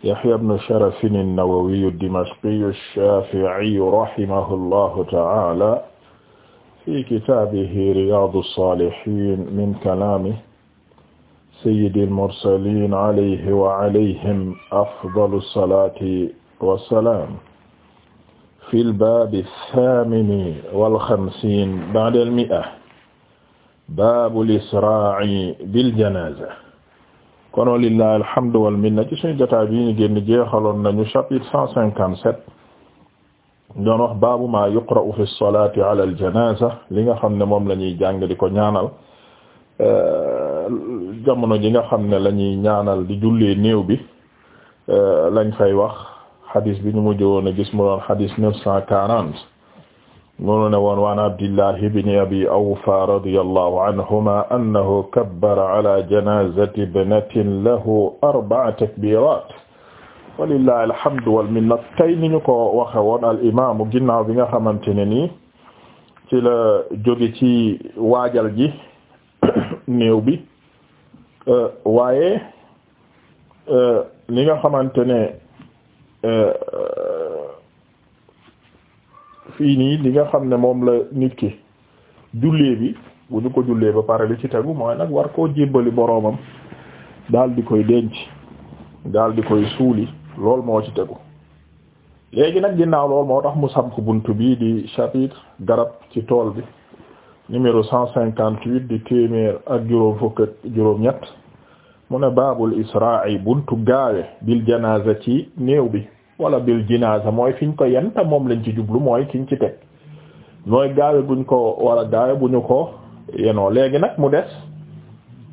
Yahya ibn Sharaf an-Nawawi ad-Dimashqi ash-Shafi'i rahimahullahu ta'ala fi kitaabihi Riyaadu s-Saalihiin min kalaami sayyidil mursaliin alayhi wa alayhim afdalu s-salaati wa s-salaam fil baabi s-saamini wal xamsiin ba'da l-mi'a baabul israa'i bil janaaza kon walillahi alhamdu wal minna ci suñu ñu génn jeexaloon nañu chapitre cent cinquante-sept doon wax baabu ma yuqra'u fi salati ala al li nga xam ne moom la ñuy jàng ko ñaanal euh, jamono ji nga xam ne la ñuy ñaanal di jullee néew bi euh, lañ fay wax xadis bi ñu mujj woon a gis mu doon xadis neuf cent quarante loolu na woon waan abdillah ibn abi awfa radiyallahu anhuma annahu kabbara ala janazati lahu arba'a takbirat walillahi alhamdu wal minna tey ni ñu ko waxe woon al imaamu ginnaaw bi nga xamante ne nii ci la jóge ci waajal ji néew bi waaye eh, li nga xamante ne eh, fii nii li nga xam ne moom la nit ki jullee bi bu ñu ko jullee ba pare li ci tegu mooy nag war koo jébbali boroomam daal di koy denc daal di koy suuli lool moo ci tegu léegi nag ginnaaw lool moo tax mu samp bunt bi di chapitre garab ci tool bi numéro cent cinquante huit di téeméer ak juróom fukk ak juróom ñett mu ne baabul isra'i buntu gaawe bil janaza ci néew bi wala bil jinaasa mooy fiñ ko yen te moom lañ ci jublu mooy kiñ ci teg mooy gaawe buñ ko wala gaawe bu ñu ko yenoo léegi nag mu des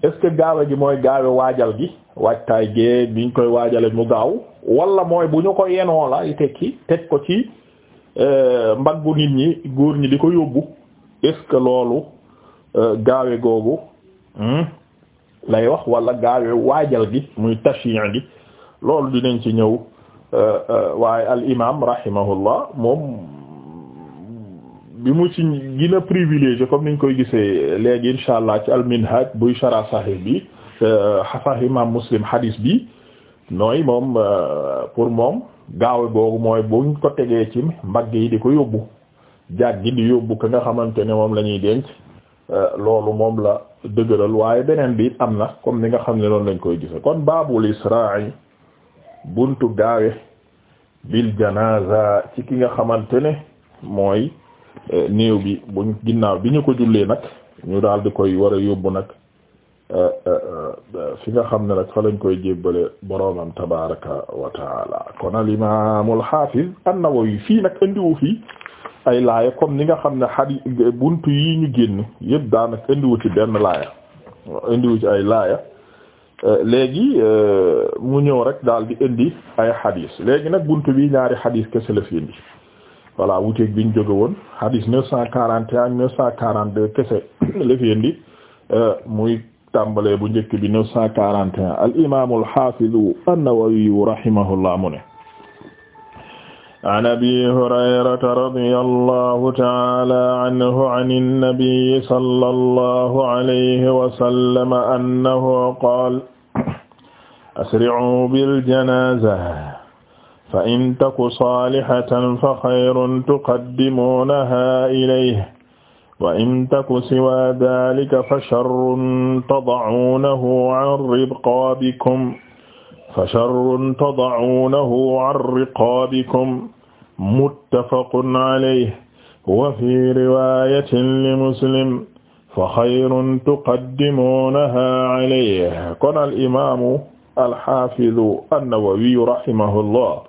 est-ce que gaawe gi mooy gaawe waajal gi waajtaay gi biñ koy waajale mu gaaw wala mooy bu ñu ko yenoo la tekki teg ko ci euh, mbaggu nit ñi góor ñi di ko yóbbu est-ce que loolu euh, gaawe googu hmm, lay wax wala gaawe waajal gi muy tashiyan gi loolu dinañ ci ñëw Euh, euh, waaye al imaam rahimahullah moom bi mu ci gën a privilégié comme niñ koy gisee léegi insha allah ci al minhaj buy shara sahih bi xasax euh, imaam muslim hadis bi nooy moom pour moom gaaw googu mooy buñ ko tegee ci mbagg yi di ko yóbbu jaag gi di yóbbu ka nga xamante ne moom la ñuy denc loolu moom la dëgëral waaye beneen bi am na comme ni nga xam ne noonu lañ koy gisee kon baabul isra'i buntu gaawe bil janaza ci ki nga xamante ne mooy eh, néew bi bu ginnaaw bi ñu ko jullee nag ñu daal di koy war a yóbbu nag eh, eh, fi nga xam ne nag fa lañ koy jébbale boroomam tabaraka wa taala kon al imam al hafiz an-Nawawi fii nag indiwu fii ay laaya comme ni nga xam ne xadi buntu yi ñu génn yépp daanaka indiwu ci benn laaya indiwu ci ay laaya Euh, léegi euh, mu ñëw rek daal di indi ay xadis léegi nag buntu bi ñaari xadis kese la fi indi voilà wuteeg biñ jóge woon xadis neuf cent quarante et un neuf cent quarante deux kese la fi euh, muy tàmbalee bu njëkk bi neuf cent quarante et un al imaam al xaafiz an-Nawawi rahimahullah mu an abi hurayrata radiya allahu taala anhu an annabiyi sala allahu alayhi wasallam annahu qaal asricuu biljanaza fa in taku saalihatan fa xayrun tuqaddimuunaha ilayhi wa in taku siwaa daalika fa sharrun tadacuunahu can riqaabikum fa sharrun tadacuunahu can riqaabikum muttafaqun alayhi wa fi riwayatin li muslim fa xayrun tuqaddimuunaha alayhi kon al imaamu alxafidu annawawiyu rahimahullah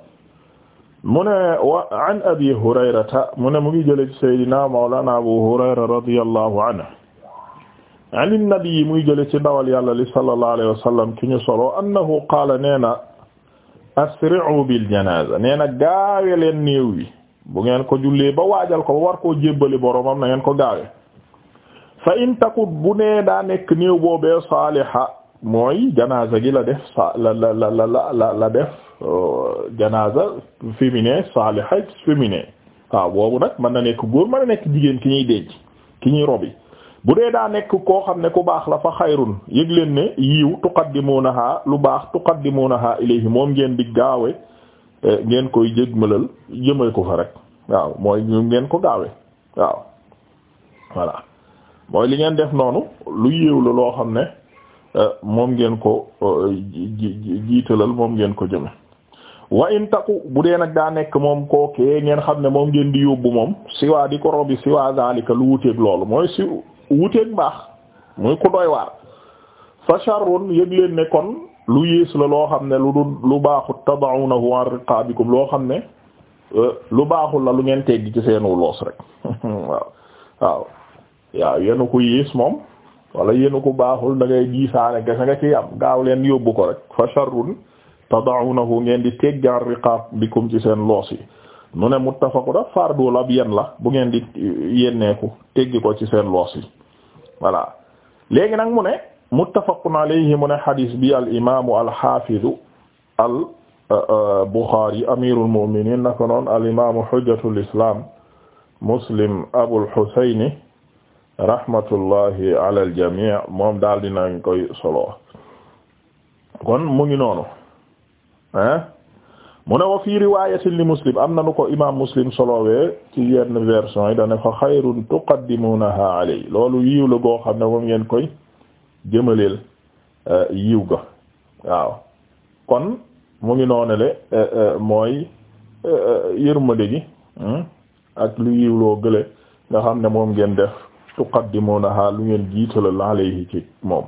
mu ne wa an abi hurayrata mu ne mu ngi jële ci saydina mawlana abu hurayra radiyallahu anhu an innabii mu ngi jële ci ndawal yàlla li sallallahu alayhi wa sallam ki ñu solo annahu qaala nee na asri'u bil janaza nee na gaawe leen néew bi bu ngeen ko jullee ba waajal ko ba war koo jébbali boromam na ngeen ko gaawe fa in takut bu ne daa nekk néew boobee saaliha mooy janaza gi la def sa la janaza féminin saaliha féminin waaw boobu nag mën na nekk góor mën na nekk jigéen ki ñuy denc ki ñuy robi bu dee daa nekk koo xam ne ku baax la fa xayrun yëg leen ne yiiw tuqaddimunaha lu baax tuqaddimunaha ilayhi moom ngeen di gaawe eh, ngeen koy jëgmalal jëmee ko fa rek waaw mooy ngeen ko gaawe waaw mooy li ngeen def noonu lu yiiw la loo xam ne eh, moom ngeen ko eh, jiitalal moom ngeen ko jëme wa in taku bu dee nag daa nekk moom kookee ngeen xam ne moom ngeen di yóbbu moom siwaa di ko robi siwaa zalika lu wuteeg loolu mooy si wuteeg mbaax muy ku doy waar fa sharrun yëg leen ne kon lu yées la loo xam ne lu du lu baaxut tada'unahu an riqaabikum loo xam ne euh, lu baaxul la lu ngeen teggi ci seenu loos rek waaw waaw waaw yenu ko yées moom wala yenu ko baaxul da ngay diisaane gese nga ci am gaaw leen yóbbu ko rek fa sharrun tada'unahu ngeen di teggi an kom ci seen loos yi mu ne muttafaqu da fardu la yenn la bu ngeen di yenneeku teggi ko ci seen loos yi voilà léegi nag mu ne muttafaqun alayhi mu ne xadiis bi al imaamu al xaafidu al euh, euh, Buxaari amirul mu'minin naka noonu al imaamu xujjatul islaam muslim abul xusayni rahmatullahi al jamii moom daal dinañ koy solo kon mu ngi noonu mu ne wa fii riwaayatin li muslim am na nu ko imaam muslim solowee ci yenn version yi dane fa xayrun na alay loolu yiw la goo xam ne moom ngeen koy jëmaleel eh, yiw ga waaw kon mu ngi noonale eh, eh, mooy yërmande gi hmm, ak lu yiw loo gële nga xam ne moom ngeen def tuqaddimunaha lu ngeen jiitalal alayhi ci moom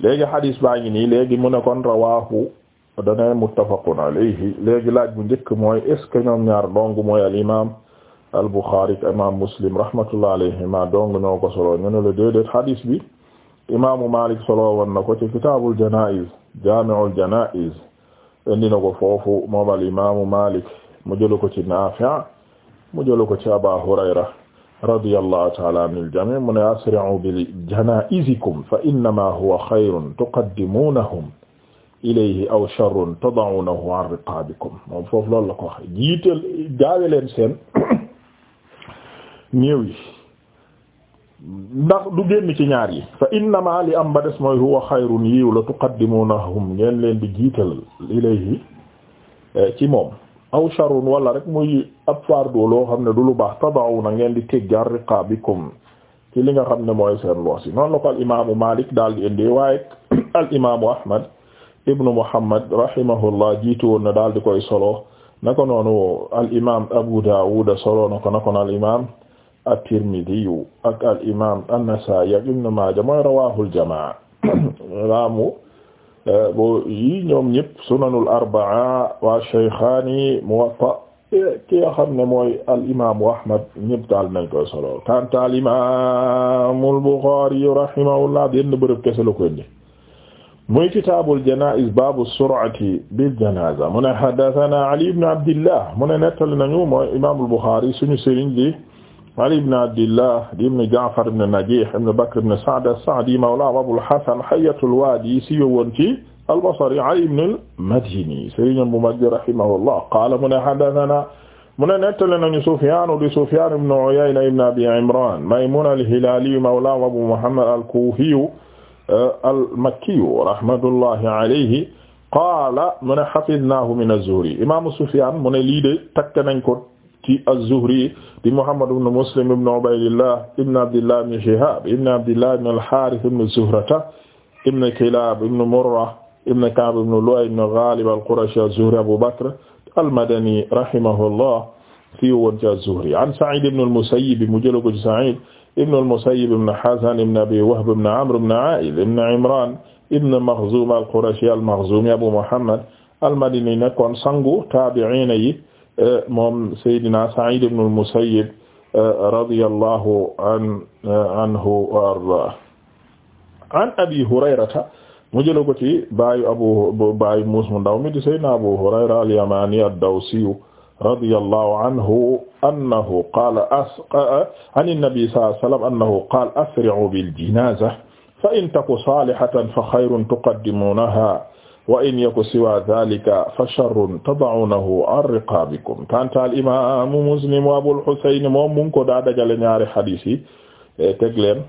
léegi xadiis baa ngi nii léegi mu ne kon rawaahu dane muttafaqun alayhi léegi laaj bu njëkk mooy est ce que ñoom ñaar dong mooy al imam al Bukhari ak imam Muslim rahmatullah alayhima dong ñoo ko solo ñu ne la déedéet hadis bi imaamu Malik solo woon na ko ci kitaabul janaiz jaami'ul janaiz indi na ko foofu moom al imaamu Malik mu jëlu ko ci Naafi' mu jëlu ko ci Aba Hurayra radiyallahu ta'ala anil jamii' mu ne asri'u bi janaa'izikum fa innamaa huwa xayrun tuqaddimuunahum ilayhi aw sharrun tada'unahu an riqaabikum moom foofu loolu la ko wax jiital gaawe leen seen néew yi ndax du génn ci ñaar yi fa innama li am ba des mooy huwa xayrun yiw la tuqaddimunahum ngeen leen di jiital ilayhi eh, ci moom aw sharrun wala rek muy ab fardo loo xam ne du lu baax tada'una ngeen di tegg an riqaabikum ci li nga xam ne mooy seen loos yi noonu la ko al imaamu Maalik daal di indi waaye al imaamu Ahmad ibnu Muhammad rahimahullah jiitu woon na daal di koy solo na ko noonu al imaam Abu Daawud solo na ko na ko al imaam at-Tirmidhi ak al imaam an-Nasaa'i ak ibnu Maaja mooy rawaahul jamaa raamu eh, bo yi ñoom ñëpp sunanul arbaa wa shaykhaani Muwatta eh, ki nga xam ne mooy al imaamu Ahmad ñëpp daal nañ koy solo kanta al imaamul Bukhaari rahimahullah benn bërëb kese la ko indi muy kitaabul janaa'iz baabu sur'ati bil janaaza mu ne haddasanaa Ali ibn Abdillah mu ne nettali nañu mooy imaamul Buxaari suñu sëriñ di Ali ibn Abdillah ibn Ja'far ibn Najiih ibn Bakr ibn Sa'd as-Sa'di mawlaa Abul Hasan Hayyatul Waadi si yowoon ci al-Basri Ali ibn al-Madini sëriñam bu mag rahimahullah qaala mu ne haddasanaa mu ne nettali nañu Sufyaan di Sufyaan ibn Uyayna ibn Abi Imraan Maymuun al-Hilaali mawlaa Abu Muhammad al-Kuufi Euh, al-Makkiyu rahmatullahi alayhi qaala mu ne hafidnaahu min az-Zuhri imaamu Sufyaan mu ne lii de takk nañ ko ci az-Zuhri di Muhammad ibn Muslim ibn Ubaydillah ibn Abdillah ibn Shihaab ibn Abdillah ibn al-Haarith ibn Zuhrata ibn Kilaab ibn Murra ibn Ka'b ibn Lu'ay ibn Ghaalib al-Qurashi az-Zuhri Abu Bakr al-Madani rahimahullah fi woon ci az-Zuhri an Sa'iid ibn al-Musayyib mu jël ko ci Sa'iid ibn al-Musayyib ibn Hazn ibn Abi Wahb ibn Amr ibn A'id ibn Imran ibn Makhzum al-Qurashi al-Makhzumi Abu Muhammad al-Madini nekkoon sangu taabi'iin yi moom Seydina Sa'id ibn al-Musayyib radiyallahu anhu wa ardaahu an Abi Hurayrata mu jëloon ko ci baayu Abu baayu muus mu ndaw mi di Seydina Abu Hurayra al-Yamani ad-Dawsi radiyallahu anhu annahu qaala as an nabi sallallahu alayhi wa sallam annahu qaala asri'u bil janaazati fa in taku saalihatan fa xayrun tuqaddimuunahaa wa in yaku siwaa zaalika fa sharrun tada'uunahu an riqaabikum kantaal imaamu Muslim wa Abul Husayn moom mu ngi ko daa dajale ñaari hadiis yi eh, teg leen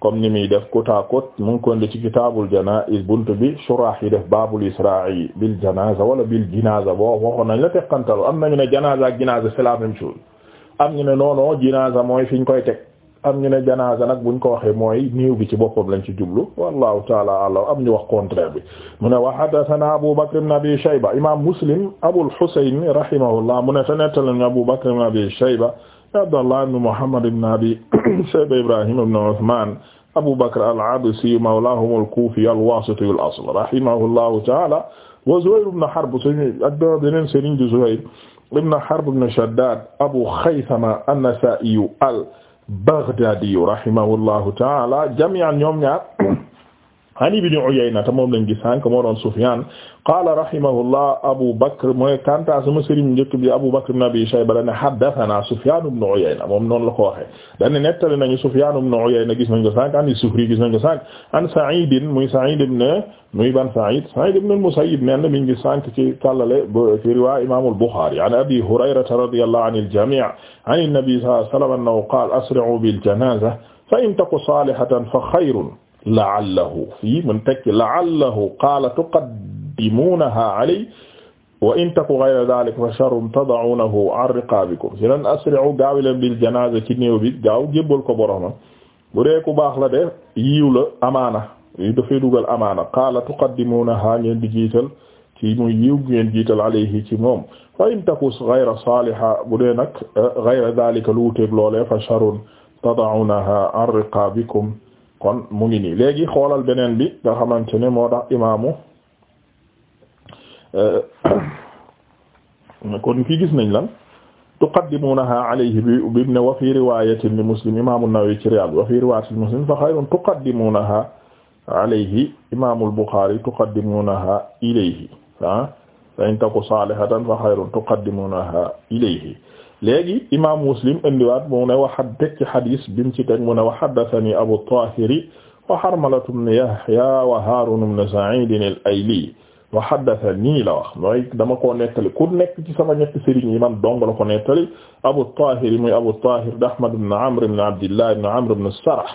comme ni muy def côte à côte mu ngi ko indi ci kitaabul janaa'iz buntu bi shuraax yi def baabul israa'i bil janaaza wala bi jinaaza boo waxoon nañ la teqantalu am nañu ne janaaza ak jinaaza c'est la même chose jinaaza mooy fi ñu koy teg am ñu ne janaaza nag buñ ko waxee mooy niw bi ci boppam lañ ci jublu wallahu taala alam am ñu wax contraire bi mu ne wa haddathana Abu Bakr ibn Abi Shayba imam Muslim Abul Husayn rahimahullah mu ne te nettalañ Abu Bakr ibn Abi Shayba Abdallah ibn Muhammad ibn Abi Shayba Ibrahim ibn Uthman Abu Bakr al-Absi mawlahum al-Kufi al-Wasiti al-asl rahimahullahu ta'ala wa Zuhayr ibn Harb suñu ak beneen sëriñ di Zuhayr ibn Harb ibn Shaddad Abu Khaythama an-Nasa'i al-Baghdadi rahimahullahu ta'ala jami'an ñoom ñaar an ibn Uyayna te moom lañ gis sànq moo doon Sufyan qala rahimahullah Abu Bakr mooy kanta sama sëriñ njëkk bi Abu Bakr ibn Abi Shayba dane haddathana Sufyan ibn Uyayna moom noonu la ko waxee dane nettali nañu Sufyan ibn Uyayna gis nañ ko sànq an Zuhri gis nañ ko sànq an Sa'id muy Sa'id ibn muy ban Sa'id Sa'id ibn al-Musayyib nee na mi ngi sànq ci tallale ci riwaa Imam al-Bukhari an Abi Hurayrata radiyallahu anil jami' an an-nabi sallallahu alayhi wa sallam annahu qala asri'u bil janaza fa in taku salihatan fa khayrun la'allahu fii mun tekki la'allahu qaala tuqaddimuunahaa alayhi wa in taku ghayra dhaalika fa sharrun tada'uunahu 'an riqaabikum si leen asri'u gaaw leen bil janaaza ci néew bi gaaw jébbal ko boromam bu dee ku baax la de yiiw la amaana yi dafay dugal amaana qaala tuqaddimuunahaa ngeen di jiital ci muy yiiw ngeen jiital alayhi ci moom fa in taku ghayra saaliha bu dee nag eh, ghayra dhaalika lu wuteeg loolee fa sharrun tada'uunahaa 'an riqaabikum kon mu ngi nii léegi xoolal beneen bi nga xamante ne moo tax imaamu euh, kon fii gis nañ lan tuqaddimunaha alayhi bi ibn wa fi riwayatin li muslim imaamu Nawawi ci Riyaad wa fi riwayatin muslim fa xayrun tuqaddimunaha alayhi imaamul Buxaari tuqaddimunaha ilayhi ah fa in taku salihatan fa xayrun tuqaddimunaha ilayhi léegi imaam muslim indiwaat mu ne waxat dëkk xadis bi mu ci teg mu ne wa haddathani abu tahiri wa harmalatu ibn yahya wa harun ibn sa'id al-ayli wa haddathani la wax mooy dama koo nettali ku nekk ci sama ñetti sëriñ yi man dong la ko nettali abu tahiri muy abu tahir da ahmad ibn amr ibn abdillah ibn amr ibn sarh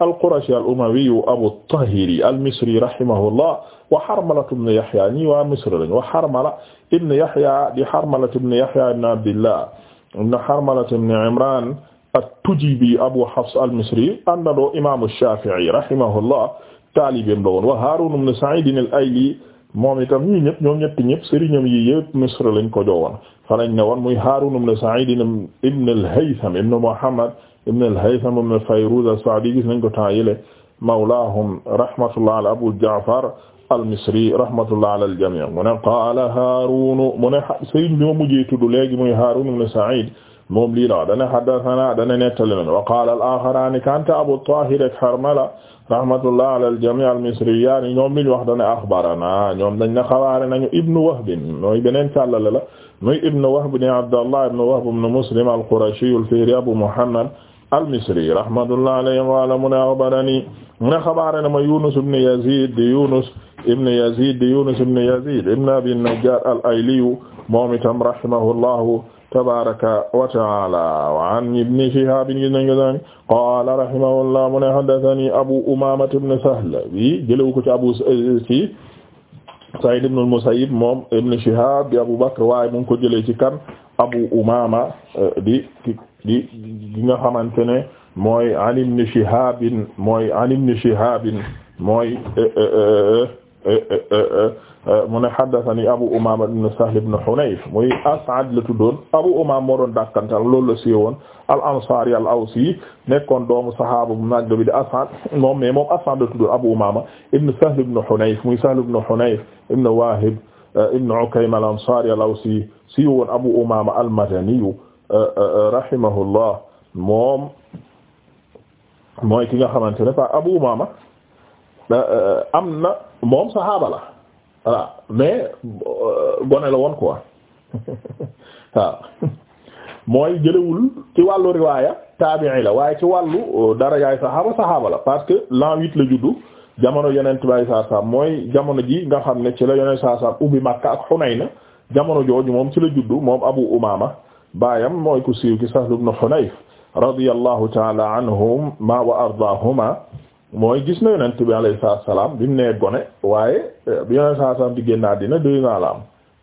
al-qurashi al-umawi abu tahiri al-misri rahimahullah wa harmalatu ibn yahya ñi waa misr lañ wa harmala ibn yahya di harmalatu ibn yahya ibn abdillah ibn Harmala ibn Imran at-Tujibi Abu Hafs al-Misri àndandoo imaamu Shafi'i rahimahullah taalibeem la woon wa Harun ibn Sa'id al-Ayli moom itam ñii ñëpp ñoom ñetti ñëpp sëriñam yi yëpp Misr lañ ko joowoon fa lañ ne woon muy Harun ibn Sa'id ibn al-Haytham ibn Muhammad ibn al-Haytham ibn Fayruz as-Sa'di gis nañ ko temps yële mawlaahum rahmatullah ala Abu Ja'far al-Misri rahmatullah ala al-jami' mu ne qaala Haarun mu ne Sëriñ bi ma mujjee tudd léegi muy Haarun ibn Sa'id moom lii la dana haddathana dana nettali na wa qaala al-aakharaani kaana Abu Taahir ak Harmala rahmatullah ala al-jami' al-misriyaan ñoom liñ wax dana axbarana ñoom dañ na xabaare nañu ibnu Wahb mooy beneen càllale la muy ibnu Wahb ni Abdallah ibnu Wahb ibnu Muslim al-Qurashi al-Fihri Abu Muhammad al-Misri rahmatullah alayhi qala mu ne axbarani mu ne xabaare na ma Yunus ibn Yazid di Yunus ibn Yazid di Yunus ibn Yazid ibn Abi Najjar al-Ayliyu moom itam rahimahullahu tabaraka wa ta'ala wa an ibn Shihab gis nañ ko sànq qala rahimahullah mu ne haddathani Abu Umamata ibn Sahl bi jëlewu ko ci Abu si Saïd ibn al-Musayyib moom ibn Shihab di Abu Bakr waaye mu ngi ko jëlee ci kan Abu Umama eh, di di di nga xamante ne mooy an ibn Shihab mooy an ibn Shihab mooy eh, eh, eh, mu ne haddathani As'ad la tuddoon Abu Umaama moo doon dàkkantal loolu la siiwoon al awsi nekkoon doomu sahaaba mu nag bi di As'ad moom mais As'ad la tuddoon Abu Umaama ibn Sahl ibn Hunayf muy Sahl ibn Hunayf ibn Waahib ibn Ukaym al awsi siiwoon Abu Umaama al-Madaniyu Euh, euh, euh, rahimahullah moom mooy ki nga xamante ne par Abu Umaama am na moom saxaaba la voilà mais gone la woon quoi waaw mooy jëlewul ci wàllu riwaaya taabi'i la waaye ci wàllu dara yaay saxaaba saxaaba la parce que l'an huit la juddu jamono yeneen bi saa saa mooy jamono ji nga xam ne ci la yonent saa saa ubbi Makka ak Hunayn jamono jooju moom ci la juddu moom Abu Umaama baayam mooy ku siiw ki Sahl ibn Hunayf radiyallahu taala anhuma wa ardaahuma mooy gis na yonent bi alayhi salaam bi mu nee gone waaye eh, bi yonent saa salaam di génn àddina deux ans la am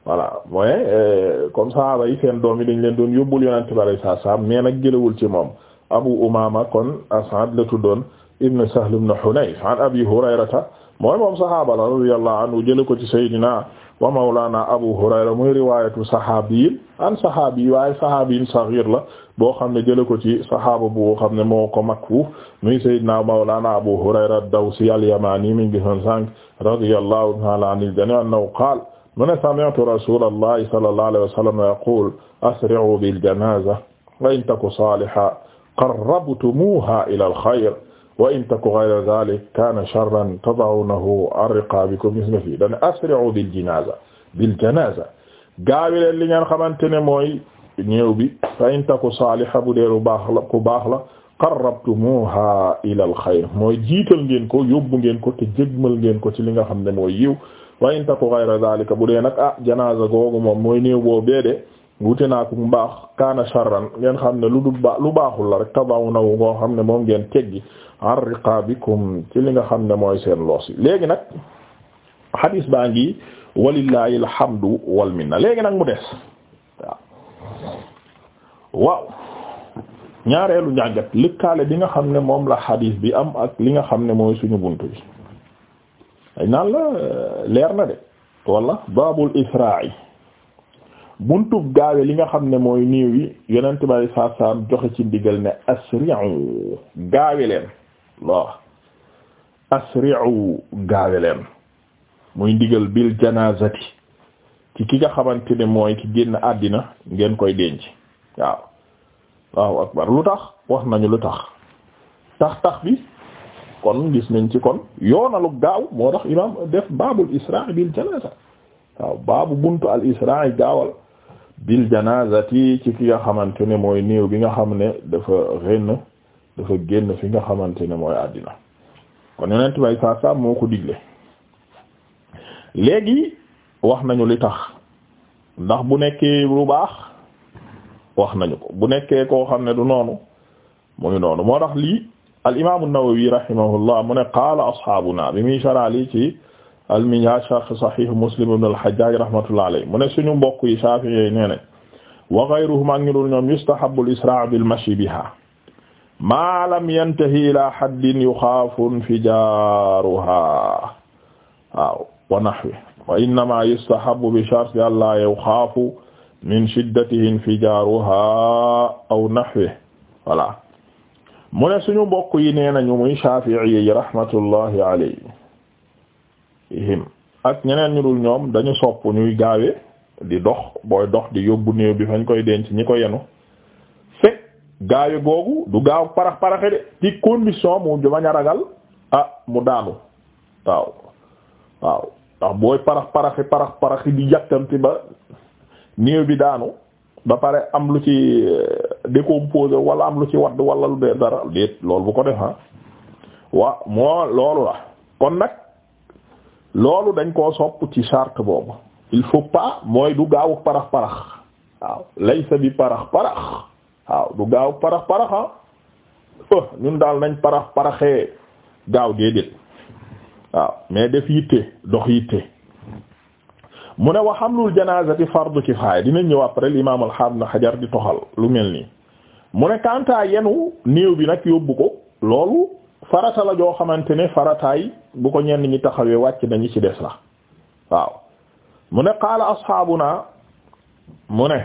voilà mooy eh, comme sahaaba yi seen doom yi dañ leen doon yóbbul yonent bi alayhi salaam mais nag jëlawul ci moom Abu Umaama kon As'ad la tuddoon ibn Sahl ibn Hunayf an Abi Hurayrata mooy moom sahaaba radiyallahu anhu jële ko ci Seydina wa mawlana abu hurayra muy riwayatu sahabiyin an sahabi waaye sahabiyin saghir la boo xam ne jële ko ci sahaaba boo xam ne moo ko mag fuuf muy sayyidina mawlana abu hurayra ad-dawsi al-yamani min gisoon sànq radiyallahu ta'ala anil jami' annahu qaala mu ne sami'tu rasulallahi sallallahu alayhi wa sallam yaqul asri'u bil janaza wa in taku saliha qarrabtumuha ila al-khayr wa in taku ghayra dhalik kana sharran tad'unahu an riqabikum gis nga fii dane asri'u bil janaza bil janaza gaawi leen li ngeen xamante ne mooy ñëw bi fa in taku saliha bu dee lu baax la ku baax la qarrabtumuha ila al xayr mooy jiital ngeen ko yóbbu ngeen ko te jégmal ngeen ko ci li nga xam ne mooy yiw wa in taku ghayra dhalika bu dee nag ah janaza googu moom mooy néew boo bee de wute naa ko mbaax kaana sharran ngeen xam ne lu lu baaxul la rek tabawu na wu ngoo xam ne moom ngeen teggi an riqaabikum ci li nga xam ne mooy seen loos yi léegi nag xadiis baa ngi walillahi alhamdu wal minna léegi nag mu des waaw ñaareelu njàngat lëkkaale bi nga xam ne moom la xadiis bi am ak li nga xam ne mooy suñu bunt bi ay naan leer na de wala baabul isra'i buntub gaawe li nga xam ne mooy niiw yi yonent bi saa saam joxe ci ndigal ne asri'u gaawe leen loo asri'u gaawe leen muy ndigal bil janaazati ci ki nga xamante ne mooy ki génn àddina ngeen koy denc waaw waaw akbar lu tax wax nañu lu tax tax tax bi kon gis nañ ci kon yoonalu gaaw moo tax imaam def baabul israa bil janaaza waaw baabu buntu al israa gaawal bil janazati ci ki nga xamante ne mooy néew bi nga xam ne dafa génn dafa génn fi nga xamante ne mooy àddina kon yonent bay saa saa moo ko digle léegi wax nañu li tax ndax bu nekkee lu baax wax nañu ko bu nekkee koo xam ne du noonu mu ngi noonu moo tax lii al imaamu Nawawi rahimahullah mu ne qaala ashaabuna bi muy saraali ci alminhaj sharh sahih muslim ibn al-hajjaj rahmatullah alayhi mu ne suñu mbokk yi Shafi'i yooyu nee ne wa ghayruhum ak ñu dul ñoom yustahabbu al-isra' bil-mashyi biha ma lam yantahi ila haddin yukhaafu infijaruha waaw wa nahwi wa innama yustahabbu bi sharti alla yukhaafu min shiddatihi infijaruha aw nahwi voilà mu ne suñu mbokk yi nee nañu muy Shafi'i yi rahmatullahi alayhi him ak ñeneen ñu dul ñoom dañu sopp ñuy gaawe di dox booy dox di yóbbu néew bi fañ koy denc ñi ko yenu fekk gaawe googu du gaaw parax paraxe de ci condition mu ju bañ a ragal ah mu daanu waaw waaw ndax booy parax paraxi parax paraxi di yàkkamti ba néew bi daanu ba pare am lu ci eh, décomposé wala am lu ci wadd wala lu dee dara déet loolu bu ko defa ah. waa moo loolu la kon nag loolu dañ koo sopp ci charte boobu il faut pas mooy du gaawu parax parax waaw laysa bi parax parax waaw du gaawu parax paraxa ah. ñun daal nañ parax paraxee gaaw déedéet waaw mais def yitte dox yitte mu ne wa hamlul janazati fardu kifaya dina ñëw après l'imam al-Hafiz Hajar di toxal lu mel nii mu ne kanta yenu néew bi nag yóbbu ko loolu farata la joo xamante ne farataay bu ko ñenn ñi taxawee wàcc nañu ci des la waaw mu ne qaala naa mu ne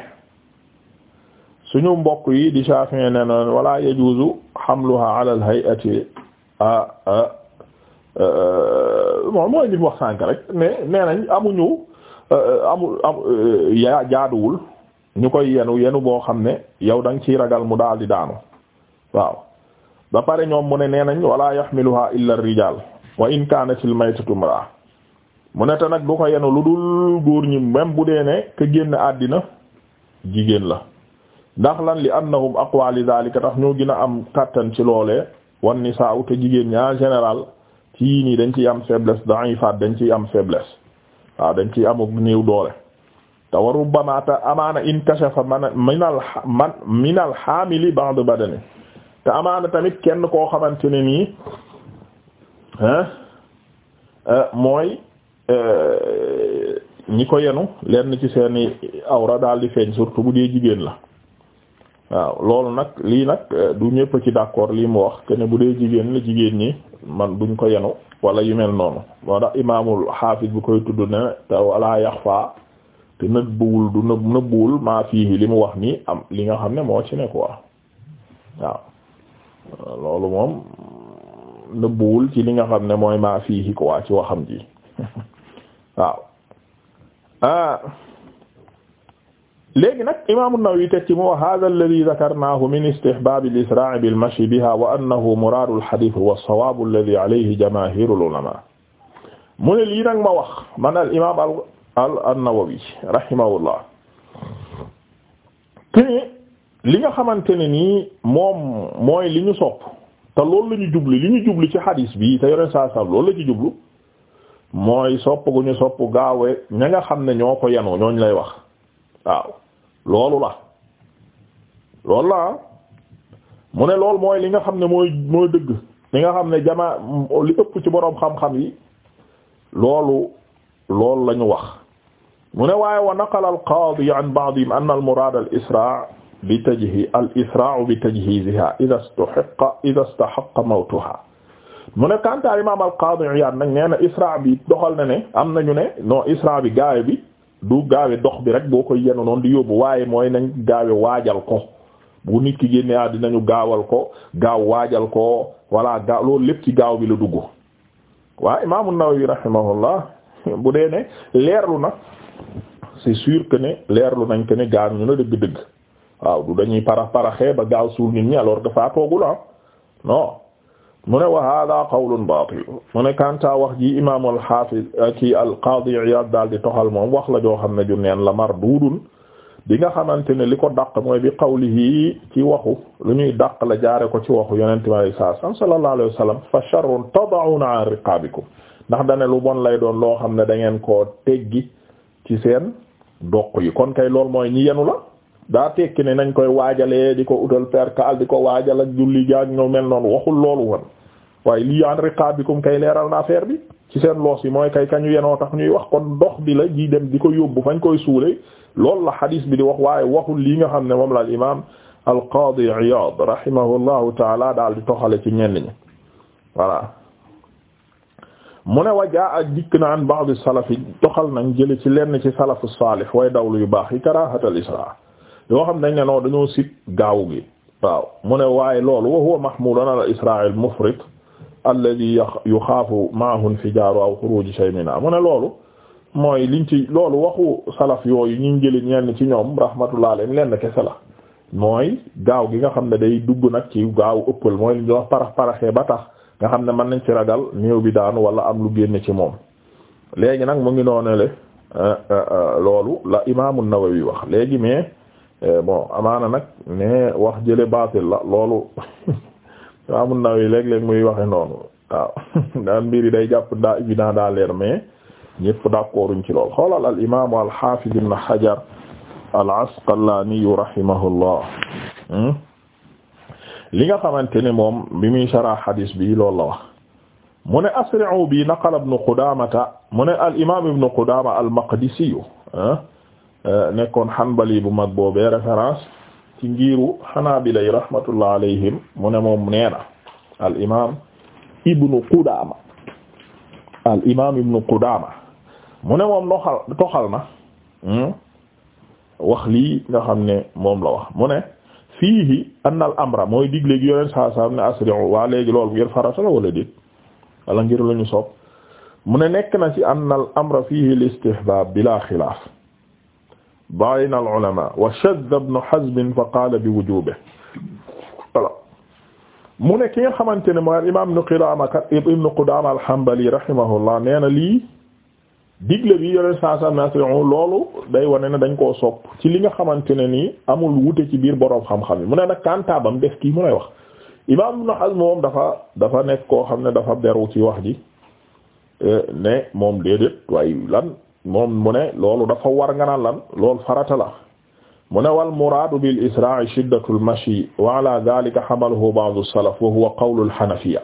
suñu mbokk yi di Shafi'i ne noon wala yajuzu hamluha ala al hay'ati moom mooy li mu rek mais nañ amuñu amu amu yaa jaaduwul ñu koy yenu yenu boo xam ne yow da nga ciy ragal mu daal di daanu waaw ba pare ñoom mu ne nee nañ wala yaxmiluha illa rijal wa in kanat al maytatu imra mu ne te nag du ko yenu lu dul góor ñi même bu dee ne ke génn àddina jigéen la ndax lan li annahum aqwa li daalika tax ñoo gën a am kàttan ci loole wan nisaa'u te jigéen ñaar général ci yii dañ ciy am faiblesse da'ifaat dañ ciy am faiblesse waaw dañ ciy amuk néew doole te waru bamaata amaana in kashafa man minal man minal haamili ba'd badani te amaana tamit kenn koo xamante ne nii hein euh, mooy euh, ñi ko yenu lenn ci seeni awra daal di feeñ surtout bu dee jigéen la waaw loolu nag lii nag euh, du ñëpp ci d'accord lii mu wax que bu dee jigéen la jigéen ñi man duñ ko yenu wala yu mel noonu moo tax imaamul xaafis bu koy tudd ne te wala yaxfa te nëbbuwul du nëbbuwul maa fii li mu wax nii am li nga xam ne moo ci ne quoi waaw loolu moom nëbbuwul ci li nga xam ne mooy maa fii ko waa ci waxam ji waaw ah. léegi nag imaamu Nawawi teg ci mu wa hadha alladhi dhakarnahu min istihbab al-isra' bil-mashi biha wa annahu murad al-hadith wa as-sawab alladhi alayhi jamaahir al-ulama mu ne lii nag ma wax man al imaam al an-Nawawi rahimahullah li nga xamante ne nii moom mooy li ñu sopp te loolu la ñu jublu li ñu jublu ci xadiis bi te yore saa saa loolu la ci jublu mooy sopp gu ñu sopp gaawe ña nga xam ne ñoo ko ñoo ñu lay wax waaw loolu la loolu la mu ne loolu mooy li nga xam ne mooy mooy dëgg li nga xam ne jamaa li ëpp ci boroom xam-xam yi loolu loolu lañu wax mu ne waaye wa naqala al qaadi an ba'dihim anna al muraad al israa bi tajhiiz al bi tajhiizihaa idaa istahaqqa idaa istahaqqa mawtuhaa mu ne Kantar imaam al qaadi bi doxal na ne am nañu ne non isra bi gaawe bi du gaawe dox bi rek boo koy yenu noonu di yóbbu waaye mooy nañ gaawe waajal ko bu nit ki génne ah gaawal ko gaaw waajal ko walla gaaw loolu ci gaaw bi la dugg waaw imaam an-Nawawi bu dee ne leerlu na c'est sûr que ne leerlu nañ que ne gaaw ñu na dëgg-dëgg. waaw du dañuy parax paraxee ba gaaw suul nit ñi alors que faa la ah non mu ne wa hada qawlun batil mu ne kanta wax ji imam al-hafiz ci al-qadi daal di toxal moom wax la joo xam ne ju neen la mardudun bi nga xamante ne li ko daq mooy bi qawlihi ci waxu lu ñuy dàq la jaare ko ci waxu yonente bi alai saat salam sallallahu alayhi wa sallam fa sharrun tada'una an riqabikum ndax dane lu bon lay doon loo xam ne da ngeen koo teggi ci seen doq yi kon kay loolu mooy ñi yenu la daa tekki ne nañ koy waajalee di ko utal perkaal di ko waajal ak li jaag ñoo mel noonu waxul loolu woon waaye li an riqaabikum kay leeral na affaire bi ci seen loos yi mooy kay kañu yenoo tax ñuy wax kon dox bi la ji dem di ko yóbbu fañ koy suule loolu la xadiis bi di wax waaye waxul lii nga xam ne moom la al imaam al qaadi Iyaad daal di toxale ci ñenn ñi voilà mu ne wajaa ak dikk na an ba'd salafi toxal nañ jële ci lenn ci salafu saalih way dawlu yu baax yi karaahatal yoo xam nañ ne non dañoo sit gaaw gi waaw mu ne waaye loolu wa huwa mahmulun ala isra' al mufrit alladhi yuxaafu maahu infijaaru aw xuruj shay minha mu ne loolu mooy liñ ci loolu waxu salaf yooyu ñu jëli ñenn ci ñoom rahmatullah leen lenn kese la mooy gaaw gi nga xam ne day dugg nag ci gaaw ëppal mooy li ñu wax parax paraxee ba tax nga xam ne mën nañ ci ragal néew bi daanu wala am lu génn ci moom léegi nag mu ngi noonele eh, eh, eh, loolu la imaamu Nawawi wax léegi mais Eh, bon amaana nag ne wax jële baatil la loolu Imam An-Nawawi léeg-léeg muy waxe noonu waaw daan yi day jàpp daa évident daa leer mais ñëpp d'accorduñ ci lool xoolal al imaamu al hafiz ibn Hajar al Asqalani rahimahullah hmm? li nga xamante ne moom bi muy sarah hadis bi loolu la wax mu ne asri'u bi naqala ibn Qudamata mu ne al imam ibn Qudama al Maqdisi hmm? Euh, nekkoon hanbali bu mag boobe référence ci ngiru xanaa yi rahmatullah alayhim mu ne moom nee na al imam ibnu qudama al ibnu qudama mu ne moom noxal toxal na hmm, wax lii nga xam ne moom la wax mu ne fiihi anna al amra mooy digle gi yoneen saa ne asri'u waa léegi loolu ngir farata la wala déet wala ngir lañu sopp mu ne nekk na ci anna al amra fiihi al bila xilaaf na al ulama wa shadda ibn Hazm fa qaala bi wujubihi voilà mu ne ki nga xamante ne mooy imaam ibn Qudaama ibn Qudaama al-Hanbali rahimahullah nee na lii digle bi yore saa saa nation loolu day wane ne dañ koo sopp ci li nga xamante ne nii amul wute ci biir boroom xam-xam yi mu ne na kanta bam def kii mu lay wax imaam ibn Hazm moom dafa dafa nekk koo xam ne dafa beru ci wax ji eh, ne moom déedéet waaye lan moom mu ne loolu dafa war nga naan lan loolu farata la mu ne wal muraadu bil isra'i shiddatu al mashi wa ala dhalika hamalahu ba'du salaf wa huwa qawlu al hanafiyya